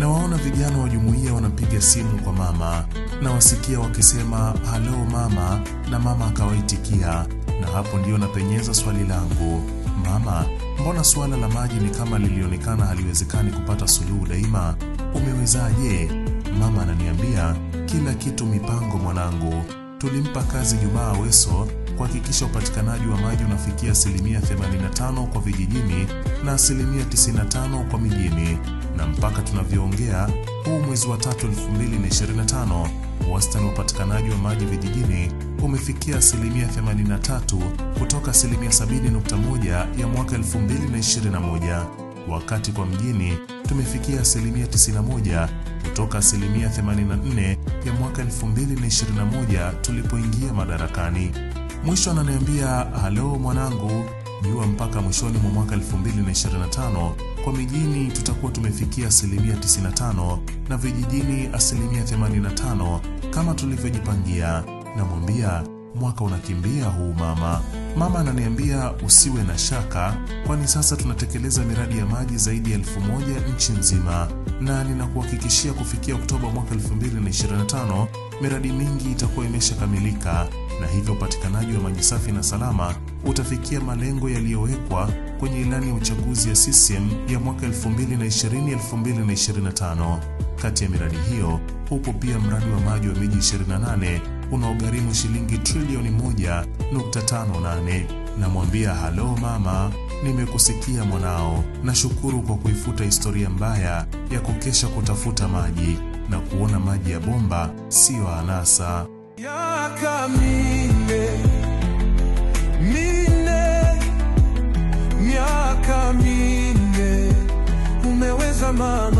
Nawaona vijana wa jumuiya wanapiga simu kwa mama, na wasikia wakisema halo mama, na mama akawaitikia, na hapo ndio napenyeza swali langu, mama, mbona suala la maji ni kama lilionekana haliwezekani kupata suluhu daima? Umewezaje? Mama ananiambia kila kitu mipango, mwanangu. Tulimpa kazi Jumaa Aweso kuhakikisha upatikanaji wa maji unafikia asilimia 85 kwa vijijini na asilimia 95 kwa mijini, na mpaka tunavyoongea huu mwezi wa tatu 2025 wastani wa upatikanaji wa maji vijijini umefikia asilimia 83 kutoka asilimia 70.1 ya mwaka 2021, wakati kwa mjini tumefikia asilimia 91 kutoka asilimia 84 ya mwaka 2021 tulipoingia madarakani. Mwisho ananiambia halo, mwanangu, jua mpaka mwishoni mwa mwaka 2025 kwa mijini tutakuwa tumefikia asilimia 95 na vijijini asilimia 85 kama tulivyojipangia. Namwambia mwaka unakimbia huu mama. Mama ananiambia usiwe na shaka, kwani sasa tunatekeleza miradi ya maji zaidi ya 1 moja nchi nzima, na ninakuhakikishia kufikia Oktoba mwaka 2025 miradi mingi itakuwa imeshakamilika na hivyo upatikanaji wa maji safi na salama utafikia malengo yaliyowekwa kwenye ilani ya uchaguzi ya CCM ya mwaka 2020-2025. Kati ya miradi hiyo upo pia mradi wa maji wa miji 28 unaogharimu shilingi trilioni 1.58. Namwambia halo mama, nimekusikia mwanao. Nashukuru kwa kuifuta historia mbaya ya kukesha kutafuta maji na kuona maji ya bomba siyo anasa ya kami. mama